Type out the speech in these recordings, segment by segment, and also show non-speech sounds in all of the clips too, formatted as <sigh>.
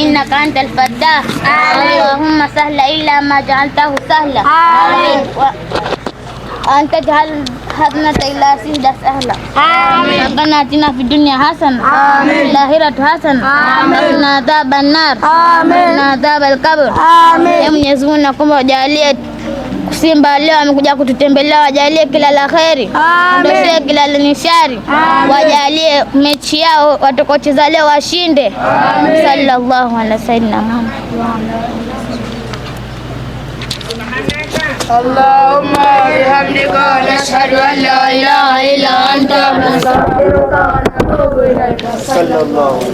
إنك أنت الفتاح اللهم سهل إلا ما جعلته سهلا آمين و... أن تجعل حسنة إلى سيدة سهلة آمين ربنا آتنا في الدنيا حسنة آمين الآخرة حسنة آمين وقنا عذاب النار آمين وقنا عذاب القبر آمين يوم يزورنكم وجعلية Simba leo amekuja kututembelea, wajalie kila la kheri, ondosee kila la nishari, wajalie mechi yao watakocheza leo washinde. Sallallahu ala sayyidina Muhammad.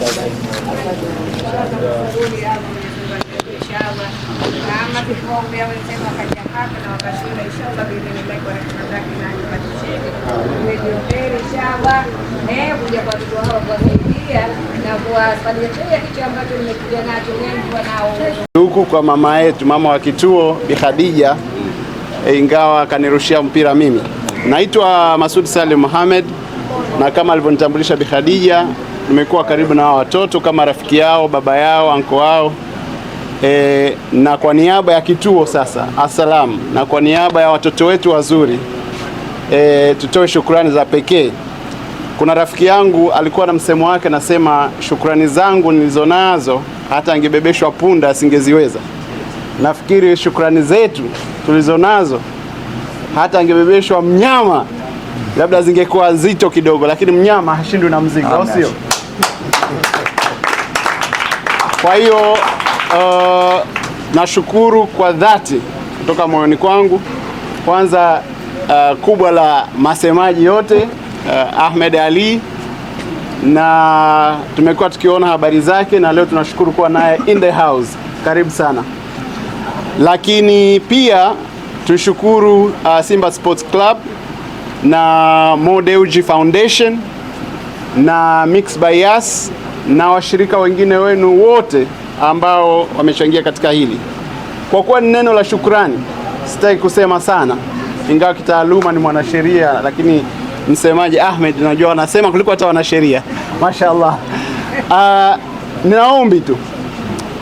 wa natubu inshallah. tukuombea wakaja hapa na wakashinda, inshallah kwa na inshallah, eh kuja kwa na kile kitu ambacho nimekuja nacho nao huku kwa mama yetu, mama wa kituo Bi Khadija, eh, ingawa akanirushia mpira mimi. Naitwa Masud Salim Mohamed na kama alivyonitambulisha Bi Khadija, nimekuwa karibu na watoto kama rafiki yao, baba yao, anko wao E, na kwa niaba ya kituo sasa asalamu, na kwa niaba ya watoto wetu wazuri e, tutoe shukrani za pekee. Kuna rafiki yangu alikuwa na msemo wake, nasema shukrani zangu nilizonazo hata angebebeshwa punda asingeziweza. Nafikiri shukrani zetu tulizonazo hata angebebeshwa mnyama labda zingekuwa nzito kidogo, lakini mnyama hashindwi na mzigo, au sio? Kwa hiyo uh, nashukuru kwa dhati kutoka moyoni kwangu. Kwanza uh, kubwa la masemaji yote uh, Ahmed ali na tumekuwa tukiona habari zake na leo tunashukuru kuwa naye in the house. Karibu sana. Lakini pia tushukuru uh, Simba Sports Club na Mo Dewji Foundation na Mix by Us na washirika wengine wenu wote ambao wamechangia katika hili. Kwa kuwa ni neno la shukrani, sitaki kusema sana, ingawa kitaaluma ni mwanasheria, lakini msemaji Ahmed, najua wanasema kuliko hata wanasheria, mashaallah. Uh, ah, ninaombi tu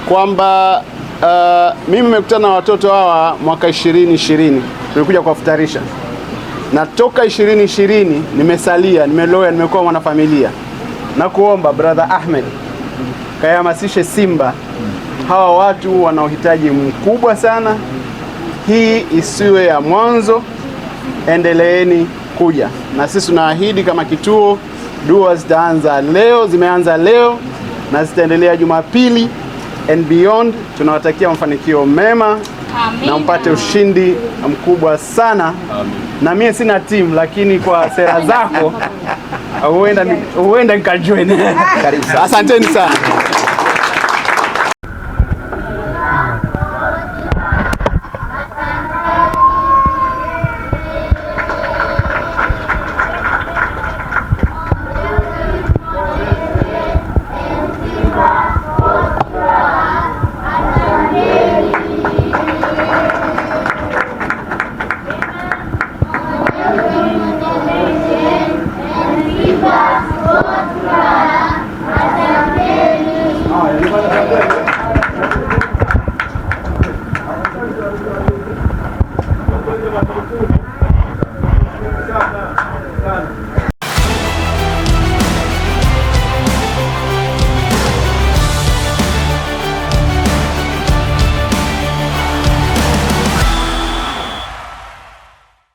kwamba uh, mimi nimekutana na watoto hawa mwaka 2020 tulikuja kuwafutarisha, na toka 2020 nimesalia, nimeloya, nimekuwa mwanafamilia na kuomba brother Ahmed kayahamasishe Simba hawa watu wana uhitaji mkubwa sana. Hii isiwe ya mwanzo, endeleeni kuja na sisi tunaahidi kama kituo. Dua zitaanza leo, zimeanza leo na zitaendelea Jumapili and beyond. Tunawatakia mafanikio mema Amin. na mpate ushindi mkubwa sana Amin. na mie sina timu lakini kwa sera zako <laughs> huenda nikajoin. Asanteni sana.